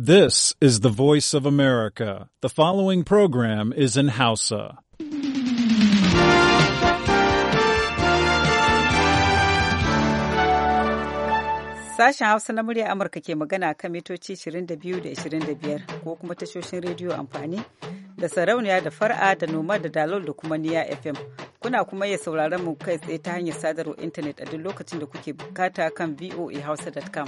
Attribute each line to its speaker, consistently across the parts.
Speaker 1: This is the voice of America. The following program is in Hausa.
Speaker 2: Sashen Hausa na murya Amurka ke magana kan mitoci 22 da 25 ko kuma tashoshin rediyo amfani da sarauniya da far'a da noma da dalol da kuma niya FM. Kuna kuma iya sauraron mu kai tsaye ta hanyar sadarwar intanet a duk lokacin da kuke bukata kan voahausa.com.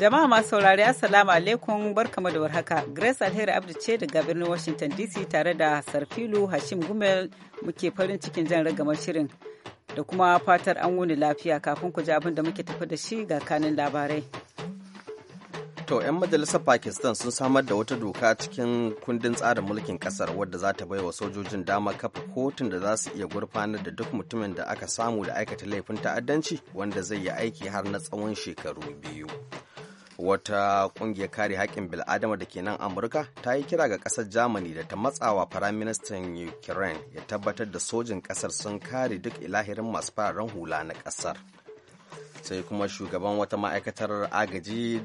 Speaker 2: Jama'a masu saurari Assalamu alaikum barkamu da warhaka. Grace Alheri Abdu ce daga birnin Washington DC tare da Sarfilu Hashim Gumel muke farin cikin jan ragamar shirin da kuma fatar an wuni lafiya kafin ku ji abin da muke tafi da shi ga kanin labarai.
Speaker 3: To, 'yan majalisar Pakistan sun samar da wata doka cikin kundin tsarin mulkin kasar wadda za ta bai wa sojojin dama kafa kotun da za su iya gurfanar da duk mutumin da aka samu da aikata laifin ta'addanci wanda zai yi aiki har na tsawon shekaru biyu. wata kungiyar kare haƙƙin bil'adama da ke nan amurka ta yi kira ga ƙasar germany da ta matsawa firaministan ukraine ya tabbatar da sojin ƙasar sun kare duk ilahirin masu fararen hula na ƙasar sai kuma shugaban wata ma'aikatar agaji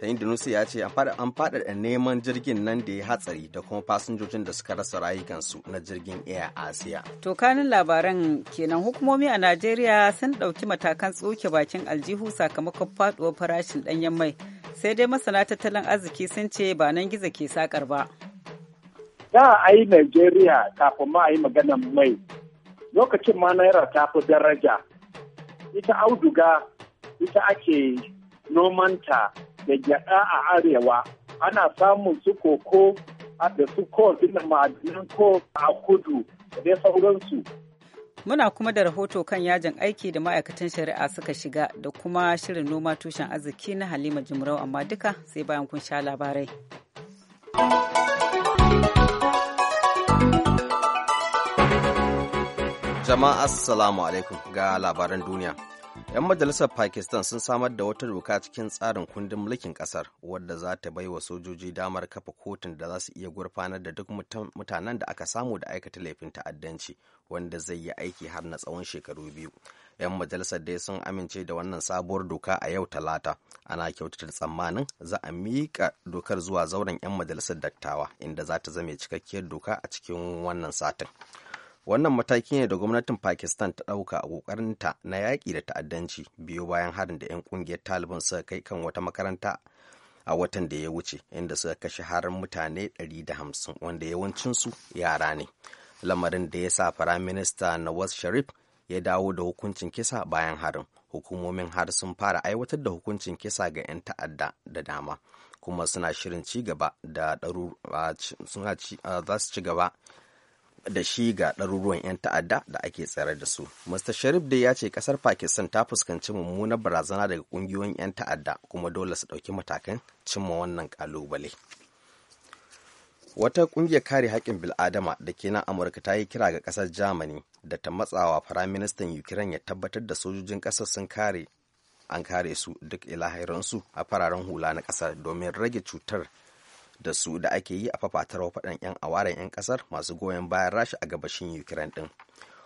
Speaker 3: ta indonesia ya ce an faɗaɗa neman jirgin nan da ya hatsari da kuma fasinjojin da suka rasa rayukansu na jirgin air asia
Speaker 2: to kanin labaran kenan hukumomi a najeriya sun ɗauki matakan tsoke bakin aljihu sakamakon faɗuwar farashin ɗanyen mai sai dai masana tattalin arziki sun ce ba nan gizo ke sakar ba
Speaker 4: da a yi Najeriya kafin ma a yi maganan mai lokacin ma naira ta fi daraja ita auduga ita ake nomanta da gyada a arewa ana samun su koko da su ko ma'adinan ko a kudu da dai sauransu
Speaker 2: Muna kuma da rahoto kan yajin aiki da ma'aikatan shari'a suka shiga da kuma shirin noma tushen arziki na Halima Jimrau amma duka sai bayan kun sha labarai.
Speaker 3: Jama'a Assalamu alaikum ga labaran duniya. 'Yan majalisar Pakistan sun samar da wata doka cikin tsarin kundin mulkin kasar wadda za ta bai wa sojoji damar kafa kotun da za su iya gurfanar da duk mutanen da aka samu da aikata laifin ta'addanci wanda zai yi aiki har na tsawon shekaru biyu. 'Yan majalisar dai sun amince da wannan sabuwar doka a yau talata. Ana kyautata tsammanin za a miƙa dokar zuwa zauren 'yan majalisar dattawa inda za ta zame cikakkiyar doka a cikin wannan satin. wannan mataki ne da gwamnatin pakistan ta ɗauka a ƙoƙarinta na yaƙi da ta'addanci biyo bayan harin da 'yan ƙungiyar taliban suka kai kan wata makaranta a watan da ya wuce inda suka kashe harin mutane 150 wanda yawancinsu yara ne lamarin da ya sa firaminista nawaz sharif ya dawo da hukuncin kisa bayan harin hukumomin har sun fara aiwatar da hukuncin kisa ga 'yan ta'adda da dama kuma suna shirin ci gaba da za su ci gaba da shi ga ɗaruruwan 'yan ta'adda da ake tsare da su. Mr. Sharif dai ya ce ƙasar Pakistan ta fuskanci mummunar barazana daga ƙungiyoyin 'yan ta'adda kuma dole su ɗauki matakan cimma wannan ƙalubale. Wata ƙungiyar kare haƙƙin bil'adama da ke nan Amurka ta yi kira ga ƙasar Germany da ta matsawa Firaministan Ukraine ya tabbatar da sojojin ƙasar sun kare an kare su duk ilahirinsu a fararen hula na ƙasar domin rage cutar da su da ake yi a fafatar faɗan 'yan awaren 'yan ƙasar masu goyon bayan rasha a gabashin ukraine ɗin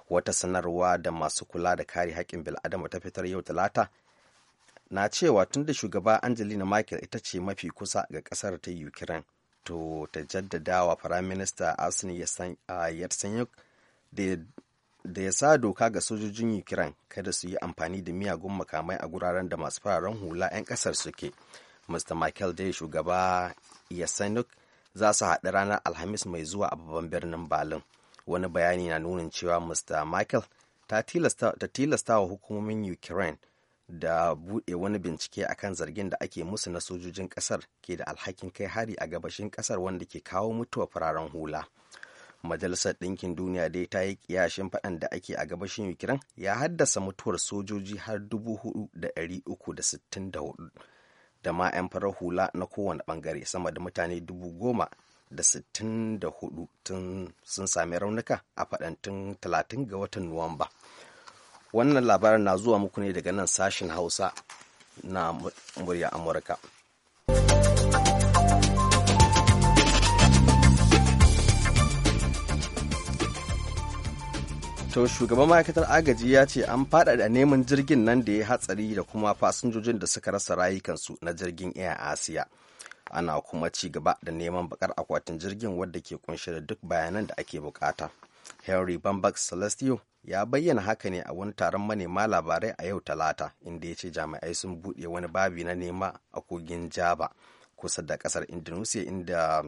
Speaker 3: wata sanarwa da masu kula da kare haƙƙin bil'adama ta fitar yau talata na cewa tun da shugaba angelina michael ita ce mafi kusa ga ƙasar ta ukraine to ta jaddada wa firaminista arsene yatsenyuk da ya sa doka ga sojojin ukraine kada su yi amfani da miyagun makamai a guraren da masu fararen hula 'yan ƙasar suke mr michael dai shugaba yasanuk za su haɗu ranar alhamis mai zuwa a babban birnin berlin wani bayani na nunin cewa mr michael ta tilasta wa hukumomin ukraine da buɗe wani bincike akan zargin da ake musu na sojojin ƙasar ke da alhakin kai hari a gabashin ƙasar wanda ke kawo mutuwa fararen hula majalisar ɗinkin duniya dai ta yi kiyashin faɗan da ake a gabashin ukraine ya haddasa mutuwar sojoji har dubu da da uku sittin hudu. da ma 'yan farar hula na kowane bangare sama da mutane dubu goma da sittin da hudu sun sami raunuka a faɗantun talatin ga watan nuwamba wannan labarin na zuwa muku ne daga nan sashen hausa na murya amurka To shugaban ma'aikatar agaji ya ce an faɗaɗa neman jirgin nan da ya hatsari da kuma fasinjojin da suka rasa rayukansu na jirgin Air Asia. Ana kuma ci gaba da neman bakar akwatin jirgin wadda ke kunshe da duk bayanan da ake bukata. Henry Bambak Celestio ya bayyana haka ne a wani taron manema labarai a yau talata inda ya ce jami'ai sun buɗe wani babi na nema a kogin jaba kusa da kasar Indonesia inda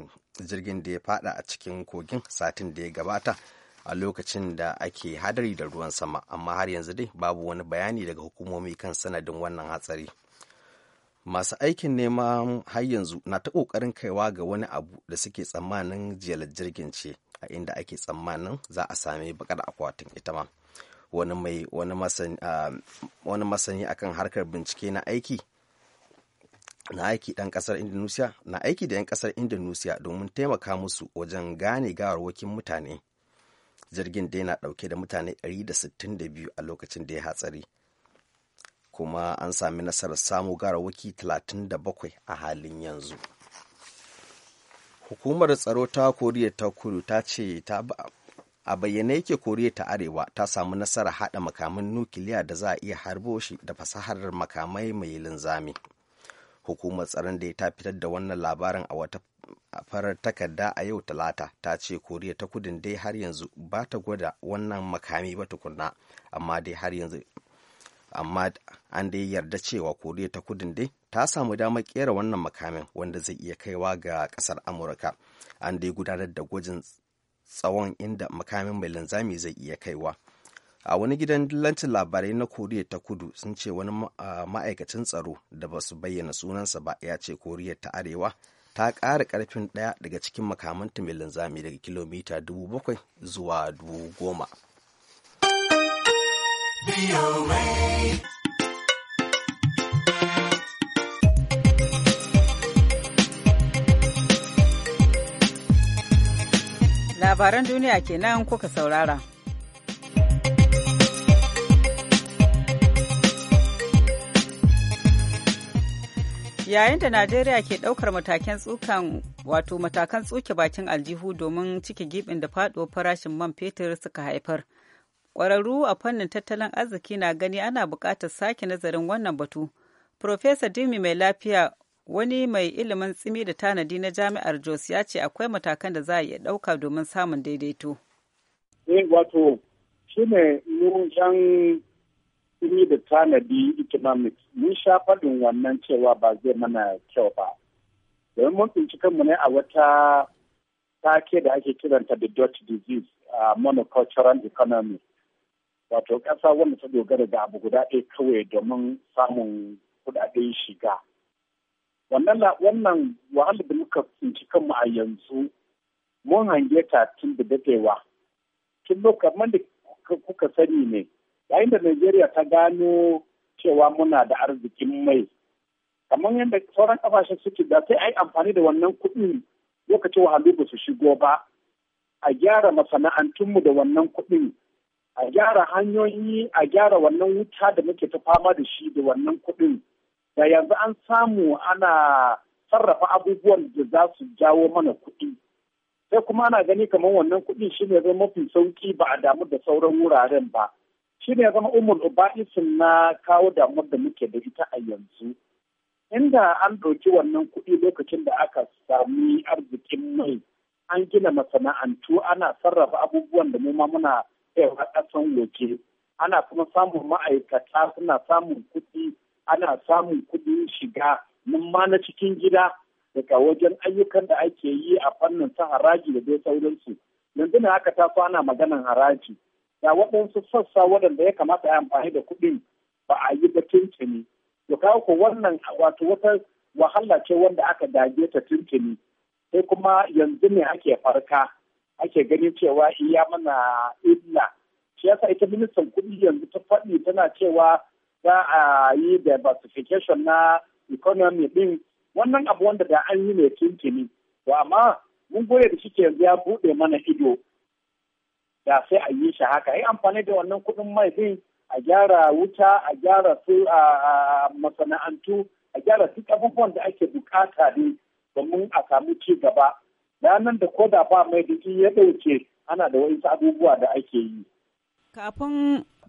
Speaker 3: jirgin da ya faɗa a cikin kogin satin da ya gabata a lokacin da ake hadari da ruwan sama amma har yanzu dai babu wani bayani daga hukumomi kan sanadin wannan hatsari masu aikin neman har yanzu na ta kokarin kaiwa ga wani abu da suke tsammanin jiyalar jirgin ce a inda ake tsammanin za a sami bakar akwatin ita ma wani mai wani masani akan harkar bincike na aiki na aiki ɗan kasar indonesia na aiki da 'yan ƙasar indonesia domin taimaka musu wajen gane gawarwakin mutane jirgin da yana ɗauke da mutane 162 a lokacin da ya hatsari kuma an sami nasarar samu garawaki 37 a halin yanzu hukumar tsaro ta koriya ta kudu ta ce ta a bayyane yake koriya ta arewa ta samu nasarar haɗa makaman nukiliya da za a iya harbo shi da fasahar makamai mai linzami hukumar tsaron da ta fitar da wannan labarin a wata farar takarda a yau talata ta ce koriya ta kudin dai har yanzu ba ta gwada wannan makami ba tukunna amma dai har yanzu amma an dai yarda cewa koriya ta kudin dai ta samu damar kera wannan makamin wanda zai iya kaiwa ga kasar amurka an dai gudanar da gwajin tsawon inda makamin mai linzami zai iya kaiwa a wani gidan lantin labarai na koriya ta kudu sun ce wani ma'aikacin tsaro da ba su bayyana sunansa ba ya ce koriya ta arewa ta ƙara ƙarfin ɗaya daga cikin makamanta mai linzami daga kilomita 7,000 zuwa 10,000.
Speaker 2: Labaran duniya kenan kuka saurara. yayin da najeriya ke daukar matakan tsukan wato matakan tsuke bakin aljihu domin cike gibin da faduwar farashin man fetur suka haifar kwararru a fannin tattalin arziki na gani ana buƙatar sake nazarin wannan batu Profesa Dimi mai lafiya wani mai ilimin tsimi da tanadi na jami'ar Jos ya ce akwai matakan da za a iya ɗauka domin samun daidaito.
Speaker 4: Eh wato shi ne sun yi da tanadi economics mun sha faɗin wannan cewa ba zai mana kyau ba domin mun tsinci kanmu ne a wata take da ake kiranta da dutch disease a monocultural economy wato ƙasa wanda ta dogara da abu guda ɗaya kawai domin samun kuɗaɗen shiga wannan wannan wahalar da muka tsinci kanmu a yanzu mun hange ta tun da dadewa tun lokacin da kuka sani ne yayin da Najeriya ta gano cewa muna da arzikin mai kamar yadda sauran kafashe suke da sai ai amfani da wannan kuɗin lokacin wahalu ba su shigo ba a gyara masana'antunmu da wannan kuɗin a gyara hanyoyi a gyara wannan wuta da muke ta fama da shi da wannan kuɗin da yanzu an samu ana sarrafa abubuwan da za su jawo mana kuɗi sai kuma ana gani kamar wannan kuɗin shi ne zai mafi sauki ba a damu da sauran wuraren ba shi ne zama umar uba'isin na kawo damar da muke da ita a yanzu inda an ɗauki wannan kuɗi lokacin da aka sami arzikin mai an gina masana'antu ana sarrafa abubuwan da muma muna yawa ƙasan waje ana kuma samun ma'aikata suna samun kuɗi ana samun kuɗin shiga mun ma na cikin gida daga wajen ayyukan da ake yi a fannin ta haraji da dai sauransu yanzu ne haka ta ana maganan haraji da waɗansu sassa waɗanda ya kamata a amfani da kuɗin ba a yi ba tuntuni to kawo ko wannan wato wata wahala ce wanda aka dage ta tuntuni sai kuma yanzu ne ake farka ake ganin cewa iya mana illa shi yasa ita ministan kuɗi yanzu ta faɗi tana cewa za a yi diversification na economy ɗin wannan abu wanda da an yi ne tuntuni to amma mun goya da shi yanzu ya buɗe mana ido da sai a yi shi haka yi amfani da wannan kuɗin mai din a gyara wuta a gyara su a masana'antu a gyara su abubuwan da ake bukata ne domin a samu ci gaba ranar da koda ba mai da ya dauke ana da wasu abubuwa da ake yi kafin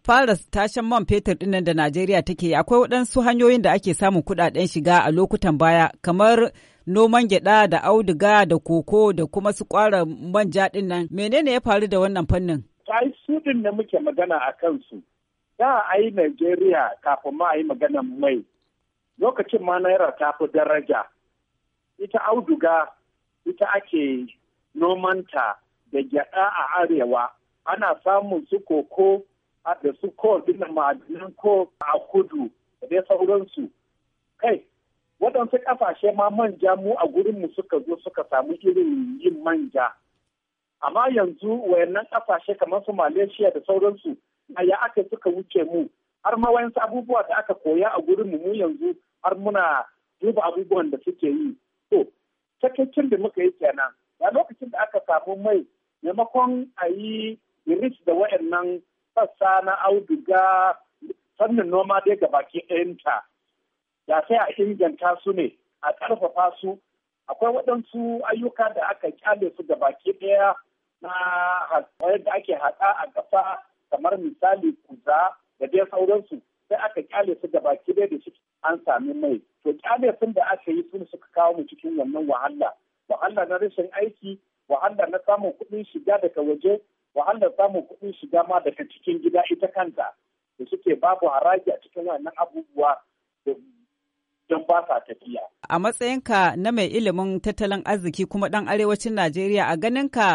Speaker 2: fara tashen man fetur dinnan da Najeriya take akwai waɗansu hanyoyin da ake samun kuɗaɗen shiga a lokutan baya kamar noman gyada da auduga da koko da kuma su kwara manja din nan menene ya faru da wannan fannin
Speaker 4: ai su din da muke magana a kansu da a yi Najeriya kafin ma a yi mai lokacin ma naira ta fi daraja ita auduga ita ake nomanta da gyada a arewa ana samun su koko da su ko dinnan ma'adinan ko a kudu da dai sauransu kai waɗansu ƙasashe ma manja mu a gurinmu suka zo suka samu irin yin manja amma yanzu wayannan ƙasashe kamar su malaysia da sauransu na ya aka suka wuce mu har ma wayansu abubuwa da aka koya a gurinmu mu yanzu har muna duba abubuwan da suke yi to takaicin da muka yi kenan ya lokacin da aka samu mai maimakon a yi iris da wayannan sassa na auduga fannin noma dai bakin ɗayanta da sai a inganta su ne a ƙarfafa su akwai waɗansu ayyuka da aka kyale su da baki ɗaya na da ake haɗa a ƙasa kamar misali kuza da dai sauransu sai aka kyale su da baki ɗaya da suke an sami mai to kyale sun da aka yi sun suka kawo mu cikin wannan wahala wahala na rashin aiki wahala na samun kuɗin shiga daga waje wahala samun kuɗin shiga ma daga cikin gida ita kanta da suke babu haraji a cikin wannan abubuwa don ba sa tafiya.
Speaker 2: A matsayinka na mai ilimin tattalin arziki kuma ɗan arewacin Najeriya a ganinka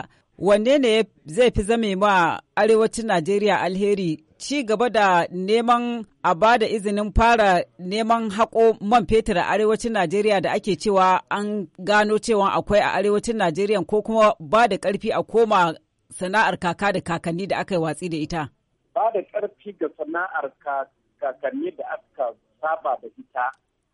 Speaker 2: wanne ne zai fi zame ma arewacin Najeriya alheri ci gaba da neman a ba da izinin fara neman haƙo man fetur a arewacin Najeriya da ake cewa an gano cewa akwai a arewacin Najeriya ko kuma ba da ƙarfi a koma sana'ar kaka da kakanni da aka yi watsi da ita.
Speaker 4: Ba da ƙarfi ga sana'ar kakanni da aka saba da ita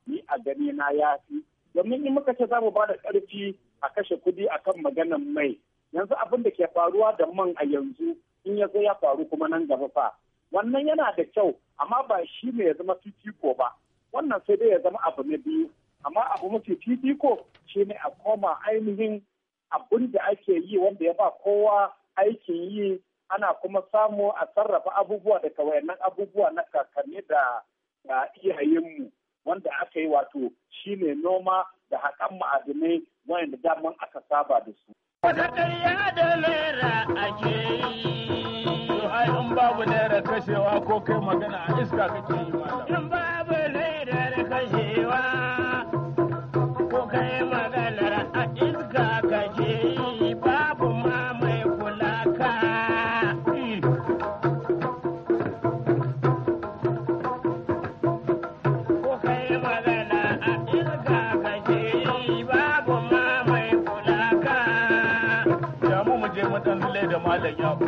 Speaker 4: ni a gani na ya fi domin in muka ce za mu bada ƙarfi a kashe kuɗi kan maganan mai yanzu abin da ke faruwa da man a yanzu in ya zo ya faru kuma nan gaba fa wannan yana da kyau amma ba shi ne ya zama fifiko ba wannan sai dai ya zama abu na biyu amma abu mafi fifiko shi ne a koma ainihin abin da ake yi wanda ya ba kowa aikin yi ana kuma samu a sarrafa abubuwa daga wayannan abubuwa na kakanni da iyayenmu wanda aka yi wato shine noma da haƙan ma'adinai wayanda daman aka saba da su. Wata ƙarya da lera ake yi, ai in babu naira kashewa ko kai magana a iska kake
Speaker 5: yi malam. In babu naira kashewa.
Speaker 4: mu da
Speaker 5: malam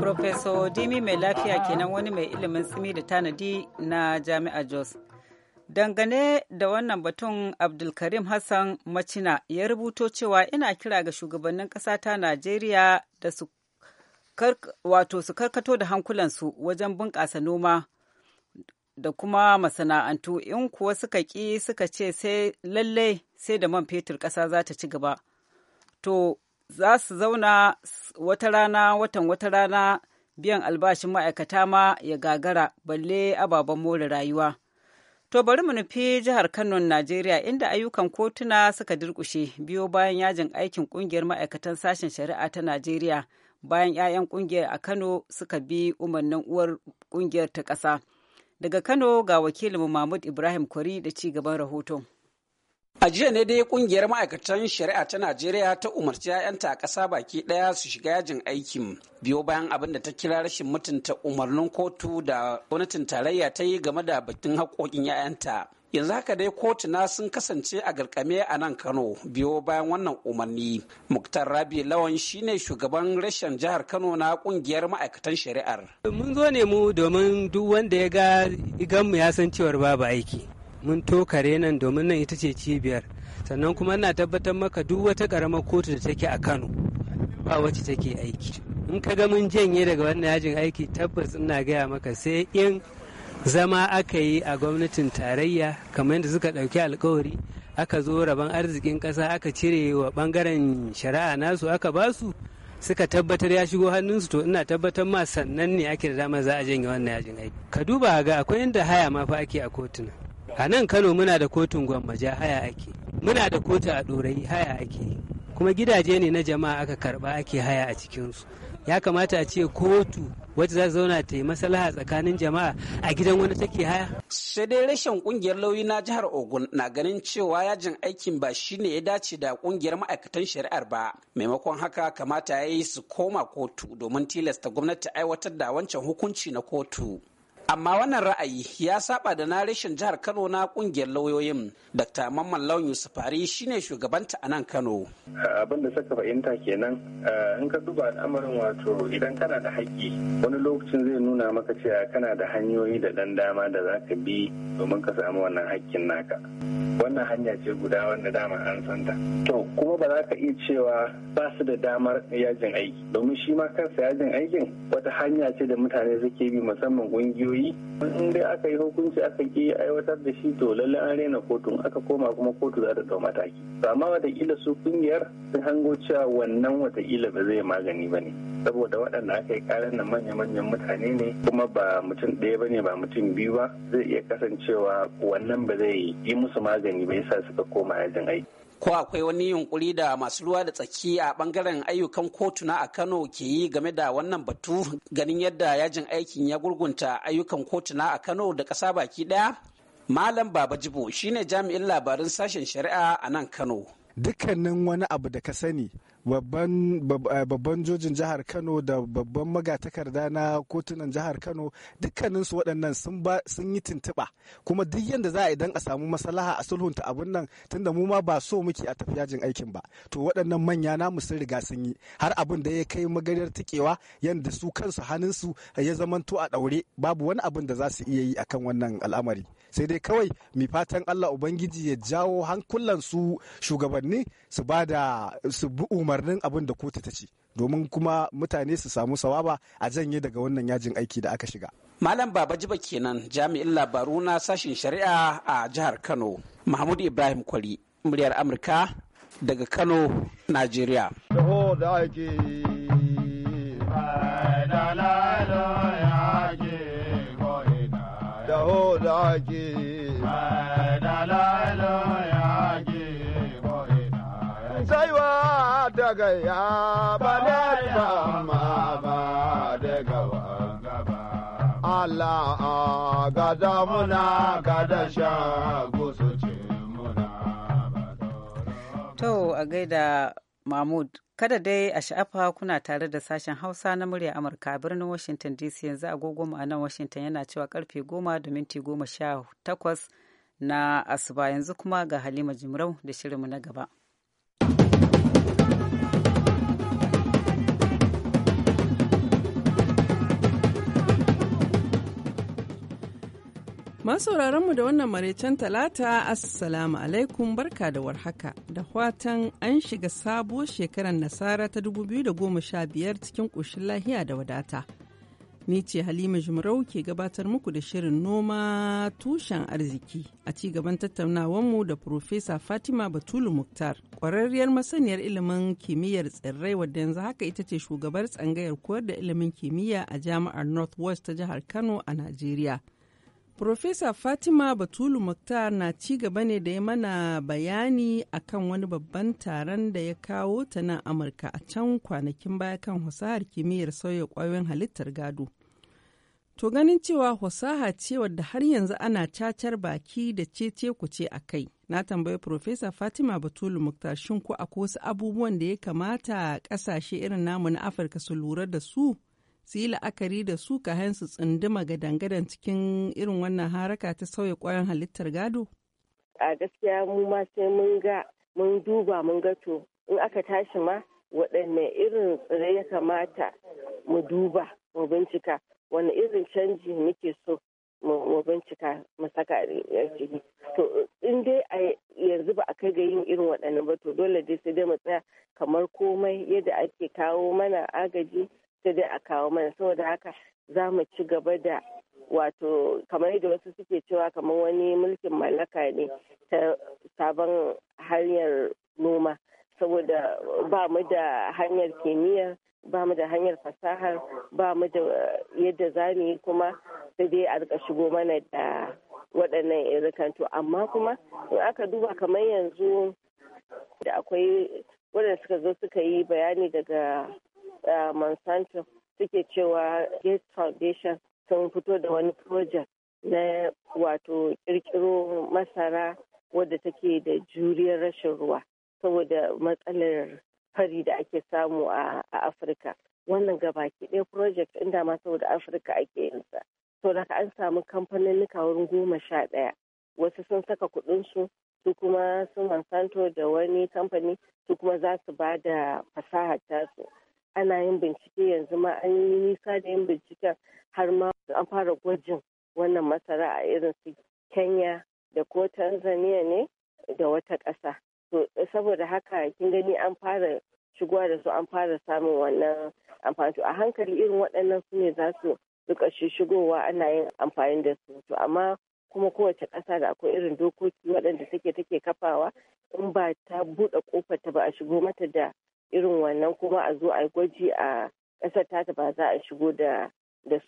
Speaker 2: Profeso Dimi mai lafiya kenan wani mai ilimin tsimi da tanadi na Jami'a Jos. Dangane da wannan batun Abdulkarim Hassan Macina ya rubuto cewa ina kira ga shugabannin ƙasata ta Najeriya da su wato su karkato da hankulansu wajen bunƙasa noma da kuma masana'antu in kuwa suka ƙi suka ce sai lalle sai da man fetur ƙasa za ta ci gaba to za su zauna wata rana watan wata rana biyan albashin ma'aikata ma ya gagara balle ababen more rayuwa to bari mu nufi jihar kano najeriya inda ayyukan kotuna suka durƙushe biyo bayan yajin aikin ƙungiyar ma'aikatan sashen shari'a ta najeriya bayan 'ya'yan kungiyar a Kano suka bi umarnin uwar kungiyar ta ƙasa. Daga Kano ga wakilinmu Mahmud Ibrahim Kwari da ci gaban rahoton.
Speaker 1: A jiya ne dai kungiyar ma'aikatan shari'a ta Najeriya ta umarci 'ya'yanta a ƙasa baki ɗaya su shiga yajin aikin biyo bayan abin da ta kira rashin mutunta umarnin kotu da gwamnatin tarayya ta yi game da batun haƙoƙin 'ya'yanta. yanzu haka dai kotuna sun kasance a garkame a nan kano biyo bayan wannan umarni muktar rabi lawan shine shugaban rashin jihar kano na kungiyar ma'aikatan shari'ar mun zo ne mu domin duk wanda ya ga iganmu ya san cewar babu aiki mun tokare nan domin nan ita ce cibiyar sannan kuma na tabbatar maka duk wata karamar kotu da take a kano ba wacce take aiki in ka ga mun janye daga wannan yajin aiki tabbas ina gaya maka sai in zama aka yi a gwamnatin tarayya kamar yadda suka ɗauki alkawari aka zo rabon arzikin ƙasa aka cire wa ɓangaren shari'a nasu aka ba su suka tabbatar ya shigo hannunsu to ina tabbatar ma sannan ne ake da dama za a janye wannan yajin aiki ka duba ga akwai inda haya ma fa ake a kotuna a nan kano muna da kotun gwammaja haya ake muna da kotu a ɗorayi haya ake kuma gidaje ne na jama'a aka karba ake haya a cikinsu ya kamata a ce kotu wacce za zauna ta yi maslaha tsakanin jama'a a gidan wani take haya. sai dai rashin kungiyar lauyi na jihar ogun na ganin cewa yajin aikin ba shine ya dace da kungiyar ma'aikatan shari'ar ba maimakon haka kamata ya yi su koma kotu domin tilasta gwamnati aiwatar da wancan hukunci na kotu amma wannan ra'ayi ya saba da na rashin jihar kano na kungiyar lauyoyin
Speaker 4: dr mamman
Speaker 1: lawan yusufari shine shugabanta a nan kano
Speaker 4: abin da suka fahimta kenan eh, in ka duba al'amarin wato idan kana da haƙƙi wani lokacin zai nuna maka cewa kana da hanyoyi da ɗan dama da za ka bi domin ka samu wannan haƙƙin naka wannan hanya ce guda wanda dama an ta to kuma ba za ka iya cewa ba su da damar yajin aiki domin shi ma kansa yajin aikin wata hanya ce da mutane suke bi musamman ƙungiyoyi yi in dai aka yi hukunci aka ki aiwatar da shi to lalle an rena kotun aka koma kuma kotu za ta dau mataki amma wataƙila su kungiyar sun hango cewa wannan wataƙila ba zai magani ba ne saboda waɗanda aka yi karan nan manya-manyan mutane ne kuma ba mutum ɗaya ba ne ba mutum biyu ba zai iya kasancewa wannan ba zai yi musu magani ba yasa suka koma yajin aiki
Speaker 1: ko akwai wani yunkuri da masu ruwa da tsaki a bangaren ayyukan kotuna a kano ke yi game da wannan batu ganin yadda yajin aikin ya gurgunta ayyukan kotuna a kano da ƙasa baki ɗaya malam baba jibo shine jami'in labarin sashen shari'a a nan kano
Speaker 3: dukkanin wani abu da ka sani Eh, babban jojin jihar kano da babban magatakarda na kotunan jihar kano dukkaninsu waɗannan sun yi tuntuɓa kuma duk yadda za a idan a samu maslaha a sulhunta abin nan tunda mu ma ba so muke a tafi jin aikin ba to waɗannan manya namu sun riga sun yi har abin da ya kai magariyar tikewa yadda su kansu hannunsu ya zamanto a ɗaure babu wani abin da za su iya yi akan wannan al'amari sai dai kawai mai fatan allah ubangiji ya jawo hankulansu shugabanni su ba da su bi umarnin abin da kotu ta ce domin kuma mutane su samu sawaba a janye daga wannan yajin aiki da aka shiga
Speaker 1: malam baba jiba kenan jami'in labaru na sashen shari'a a jihar kano mahmud ibrahim kwali muryar amurka daga kano najeriya
Speaker 3: da aiki yaki
Speaker 4: saiwa daga ya bane ba
Speaker 3: ma ba daga wa Allah a gada muna
Speaker 2: gada sha
Speaker 4: gusu ce muna ba
Speaker 2: To a gaida mahmud kada dai a sha'afa kuna tare da sashen hausa na murya amurka birnin washington dc yanzu agogo mu a nan washington yana cewa karfe goma da minti goma sha takwas na asuba yanzu kuma ga halima jimrau da shirinmu na gaba
Speaker 6: mu da wannan maraicen talata assalamu alaikum barka da warhaka da watan an shiga sabuwar shekarar nasara ta 2015 cikin ƙoshin lahiya da wadata ni ce halima jimarau ke gabatar muku da shirin noma tushen arziki a ci gaban tattaunawanmu da Profesa fatima batulu muktar ƙwararriyar masaniyar ilimin kimiyyar tsirrai wadda yanzu haka ita ce shugabar tsangayar koyar da ilimin kimiyya a jami'ar northwest ta jihar kano a najeriya Profesa Fatima Batulu Mukhtar na ci gaba ne da ya mana bayani akan wani babban taron da ya kawo ta nan Amurka a can kwanakin baya kan husahar kimiyyar sauya ƙwayoyin halittar gado. To ganin cewa husaha ce wadda har yanzu ana cacar baki da cece ku ce a kai. Na tambayi Profesa Fatima Batulu Mukhtar shin ko akwai wasu abubuwan da ya kamata ƙasashe irin namu na Afirka su lura da su su yi la'akari da su kayan su tsunduma ga dangadan cikin irin wannan haraka ta sauya kwayan halittar gado?
Speaker 7: A gaskiya mu ma sai mun ga mun duba mun ga to in aka tashi ma waɗanne irin tsire ya kamata mu duba mu bincika wani irin canji muke so mu bincika mu saka a ciki to in dai a yanzu ba a kai ga yin irin waɗanne ba to dole dai sai dai mu tsaya kamar komai yadda ake kawo mana agaji sai dai a kawo mana saboda haka za mu ci gaba da wato kamar yadda wasu suke cewa kamar wani mulkin mallaka ne ta sabon hanyar noma saboda ba mu da hanyar kimiyyar ba mu da hanyar fasahar ba mu da yadda za mu yi kuma sai dai a rika shigo mana da waɗannan irin to amma kuma in aka duba kamar yanzu da akwai waɗanda suka zo suka yi bayani daga Uh, monsanto suke cewa gates foundation sun fito da wani project na wato kirkiro masara wadda take da juriyar rashin ruwa saboda matsalar fari da ake samu a afirka wannan gaba ɗaya project inda ma saboda afirka ake yin sa da an samu kamfanin wurin goma sha ɗaya wasu sun saka kuɗinsu su kuma sun Monsanto da wani kamfani su kuma za su ba da fasaha tasu ana yin bincike yanzu ma an yi nisa da yin binciken har ma an fara gwajin wannan masara a irin su kenya da ko tanzania ne da wata ƙasa saboda haka kin gani an fara shigowa da su an fara samun wannan amfani to a hankali irin waɗannan su ne za su shi shigowa ana yin amfani da su to amma kuma kowace ƙasa da akwai irin dokoki waɗanda take take kafawa in ba ta buɗe ƙofar ta ba a shigo mata da irin wannan kuma a zo a gwaji a ƙasar tata ba za a shigo da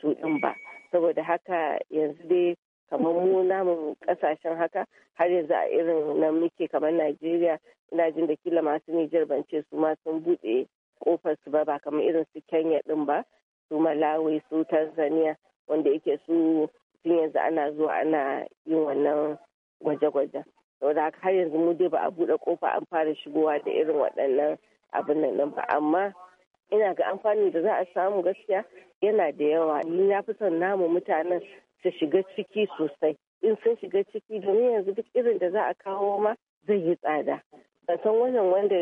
Speaker 7: su din ba saboda haka yanzu dai kamar mu namun ƙasashen haka har yanzu a irin nan muke kamar najeriya ina jin da kila masu nijar ban su ma sun buɗe kofar su ba ba kamar irin su kenya din ba su malawi su tanzania wanda yake su tun yanzu ana zuwa ana yin wannan gwaje-gwaje saboda haka har yanzu mu dai ba a buɗe kofa an fara shigowa da irin waɗannan abin nan ba amma ina ga amfani da za a samu gaskiya yana da yawa ni na fi son namu mutanen su shiga ciki sosai in sun shiga ciki domin yanzu duk irin da za a kawo ma zai yi tsada ban san wannan wanda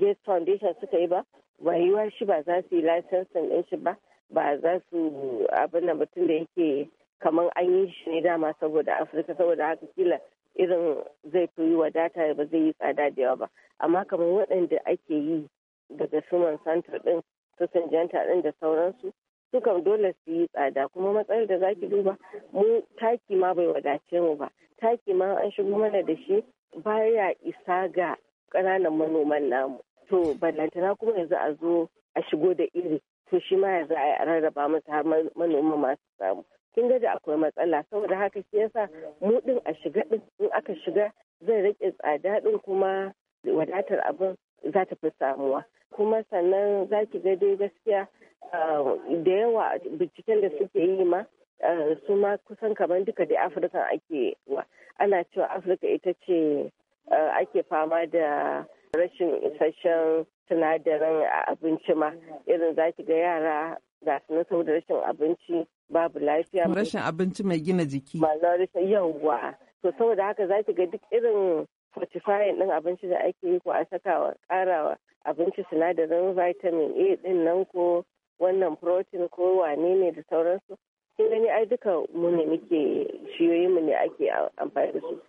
Speaker 7: gate foundation suka yi ba rayuwa shi ba za su yi laisensin din shi ba ba za su abin da mutum da yake kamar an yi shi ne dama saboda afirka saboda haka kila irin zai fi yi wadata ba zai yi tsada da yawa ba amma kamar waɗanda ake yi daga suman santar ɗin su sanjanta ɗin da sauransu su kam dole su yi tsada kuma matsalar da zaki duba mu taki ma bai wadace mu ba taki ma an shigo mana da shi baya isa ga ƙananan manoman namu to ballantana kuma yanzu a zo a shigo da iri to shi ma yanzu a rarraba masa manoma masu samu kin ga da akwai matsala saboda haka shi yasa mu din a shiga din in aka shiga zai rike tsada din kuma wadatar abin za ta fi samuwa kuma sannan za ki ga dai gaskiya ah, da yawa binciken da suke yi ma ah, su ma kusan kamar duka da afirka ake wa ana cewa afirka ita ce ah, ake fama da rashin isasshen sinadarin abinci ma irin za ki ga yara ga su na saboda rashin abinci babu lafiya. Rashin
Speaker 6: abinci mai gina jiki. Ma'ana
Speaker 7: rashin yawwa. To saboda haka za ki ga duk irin fortifying ɗin abinci da ake yi ko a sakawa wa abinci sinadarin vitamin A ɗin nan ko wannan protein ko wane ne da sauransu. Kin gani ai duka mu ne muke shiyoyin mu ne ake amfani da su.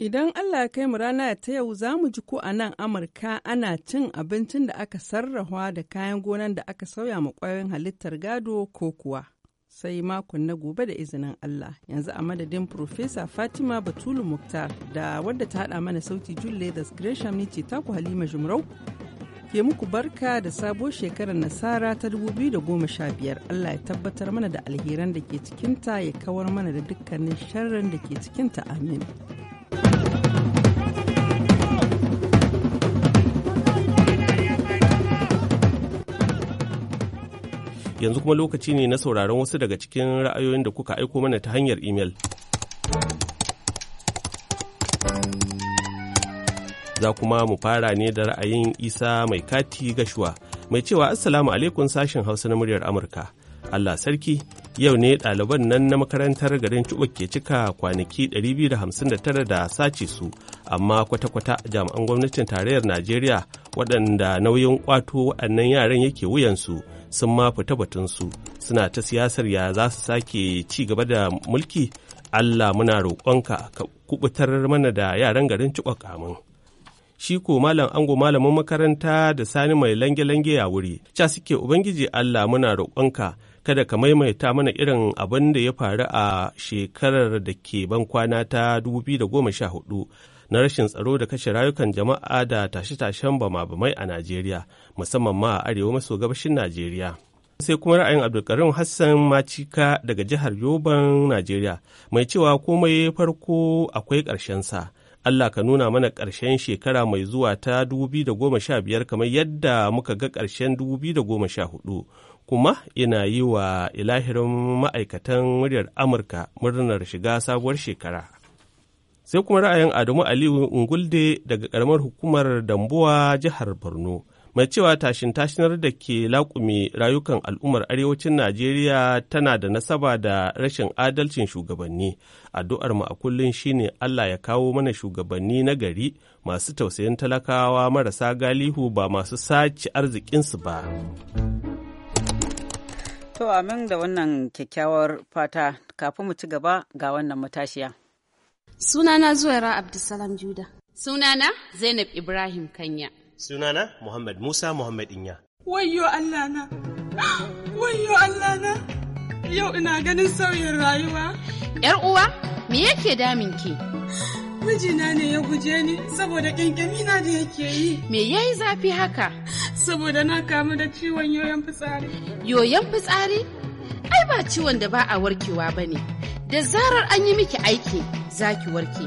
Speaker 6: Idan Allah ya kai mu rana ta yau za mu ji ko a nan Amurka ana cin abincin da aka sarrafa da kayan gonan da aka sauya ma ƙwayoyin halittar gado ko kuwa. Sai makon na gobe da izinin Allah yanzu a madadin Profesa Fatima Batulu Muktar da wadda ta haɗa mana sauti julle da Gresham ni ce taku Halima Jumrau. Ke muku barka da sabo shekarar nasara ta 2015 Allah ya tabbatar mana da alheran da ke cikinta ya kawar mana da dukkanin sharrin da ke cikinta amin.
Speaker 5: yanzu kuma lokaci ne na sauraron wasu daga cikin ra'ayoyin da kuka aiko mana ta hanyar imel. Za kuma mu fara ne da ra'ayin Isa mai kati gashuwa mai cewa Assalamu alaikum sashen Hausa na muryar Amurka. Allah sarki yau ne ɗaliban nan na makarantar garin Cuba ke cika kwanaki 259 da sace su amma kwata-kwata jami'an gwamnatin tarayyar Najeriya waɗanda nauyin kwato waɗannan yaran yake wuyansu. su sun ma fita batunsu suna ta siyasar ya za su sake ci gaba da mulki allah muna roƙonka ka kubutar mana da yaran garin mun shi ko malam ango malamin makaranta da sani mai lange-lange ya wuri ca suke ubangiji allah muna roƙonka kada ka maimaita mana irin abin da ya faru a shekarar da ke ban kwana ta 2014 na rashin tsaro da kashe rayukan jama'a da tashe-tashen bama-bamai a Najeriya, musamman ma a arewa maso gabashin Najeriya. Sai kuma ra'ayin Abdulkarim Hassan Macika daga jihar Yoban, Najeriya, mai cewa komai farko akwai sa. Allah ka nuna mana ƙarshen shekara mai zuwa ta 2015 kamar yadda muka ga ƙarshen 2014. kuma ina yi wa ilahirin ma'aikatan muryar amurka murnar shiga sabuwar shekara sai kuma ra'ayin adamu aliyu ungulde daga karamar hukumar dambuwa jihar borno mai cewa tashin tashinar da ke laƙume rayukan al'ummar arewacin najeriya tana da nasaba da rashin adalcin shugabanni addu'ar mu a kullum shine allah ya kawo mana shugabanni na gari masu tausayin talakawa marasa galihu ba masu sace arzikinsu ba
Speaker 2: to amin da wannan kyakkyawar fata kafin mu ci gaba ga wannan matashiya
Speaker 1: Sunana Zuwaira Abdulsalam
Speaker 2: Juda. Sunana Zainab Ibrahim Kanya.
Speaker 5: Sunana Muhammad Musa Muhammad Inya.
Speaker 1: Wayyo Allah na! Wayyo Allah na! Yau ina ganin sauyin rayuwa. ‘Yar uwa, me yake damin ki? Mijina ne ya guje ni saboda na da yake yi. Me ya yi zafi haka? Saboda na kamu da ciwon yoyon fitsari.
Speaker 2: Yoyon fitsari? Ai ba ciwon da ba a warkewa ba ne. Da zarar an yi miki aiki, za ki warke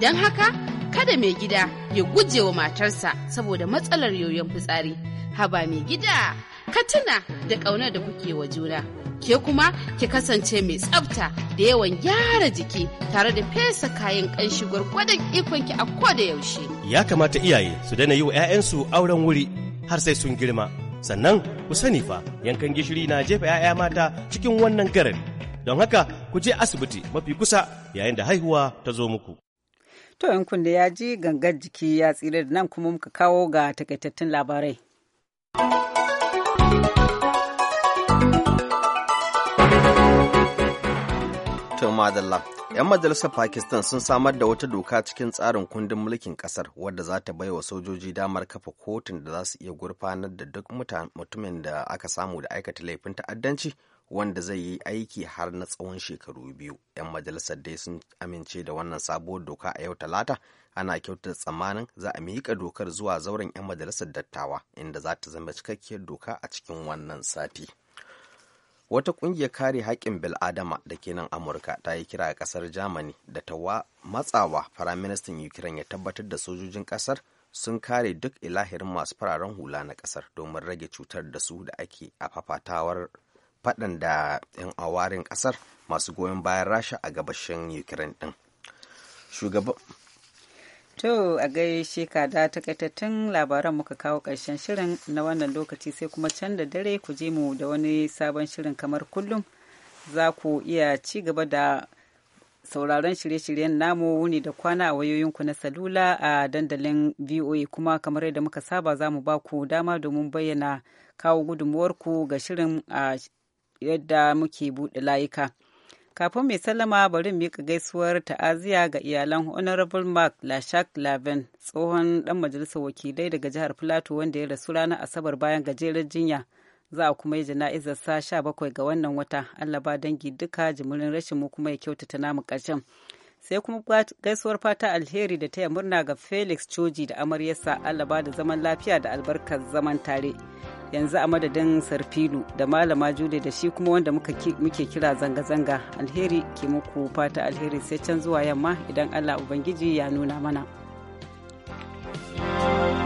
Speaker 2: don haka kada mai gida ya guje wa matarsa saboda matsalar yoyon fitsari haba mai gida ka tuna da ƙaunar da kuke wa juna ke kuma ki kasance mai tsafta da yawan gyara jiki tare da fesa kayan ƙanshi gwargwadon ikonki a ko da yaushe
Speaker 5: ya kamata iyaye su dana yi wa 'ya'yansu auren wuri har sai sun girma sannan ku sani fa yankan gishiri na jefa 'ya'ya mata cikin wannan garin. Don haka ku je asibiti mafi kusa yayin da haihuwa ta zo muku.
Speaker 2: To ‘yan kunda ya ji gangar jiki ya tsira da nan kuma muka kawo ga takaitattun labarai.
Speaker 3: To madalla, 'yan majalisar Pakistan sun samar da wata doka cikin tsarin kundin mulkin kasar wadda za ta baiwa sojoji damar kafa kotun da za su iya gurfanar da duk mutumin da aka samu da aikata laifin ta'addanci wanda zai yi aiki har na tsawon shekaru biyu 'yan majalisar dai sun amince da wannan sabuwar doka a yau talata ana kyautata tsammanin za a miƙa dokar zuwa zauren 'yan majalisar dattawa inda za ta zama cikakkiyar doka a cikin wannan sati wata ƙungiyar kare haƙƙin bil'adama da ke nan amurka ta yi kira a ƙasar germany da ta matsawa firaministan ukraine ya tabbatar da sojojin ƙasar sun kare duk ilahirin masu fararen hula na ƙasar domin rage cutar da su da ake a fafatawar faɗan da 'yan awarin ƙasar masu goyon bayan rasha a gabashin ukraine ɗin shugaban
Speaker 2: To a gaishe ka da takaitattun labaran muka kawo ƙarshen shirin na wannan lokaci sai kuma can da dare ku je mu da wani sabon shirin kamar kullum za ku iya ci gaba da sauraron shirye-shiryen namu wuni da kwana a wayoyinku na salula a dandalin VOA kuma kamar yadda muka saba za mu ba ku dama domin bayyana kawo gudunmuwarku ga shirin a yadda muke buɗe layuka. Kafin mai sallama bari mika gaisuwar ta'aziya ga iyalan Honorable Mark Lashak Laven tsohon ɗan majalisar wakilai daga jihar Filato wanda ya rasu ranar Asabar bayan gajeren jinya. Za a kuma yi jana'izar sa bakwai ga wannan wata. Allah ba dangi duka jimurin rashin mu kuma ya kyautata namu ƙarshen. sai kuma gaisuwar fata alheri da taya murna ga felix coji da amaryarsa allah ba da zaman lafiya da albarkar zaman tare yanzu a madadin sarfilu da malama jude da shi kuma wanda muke kira zanga-zanga alheri ke muku fata alheri sai can zuwa yamma idan allah ubangiji ya nuna mana. thank you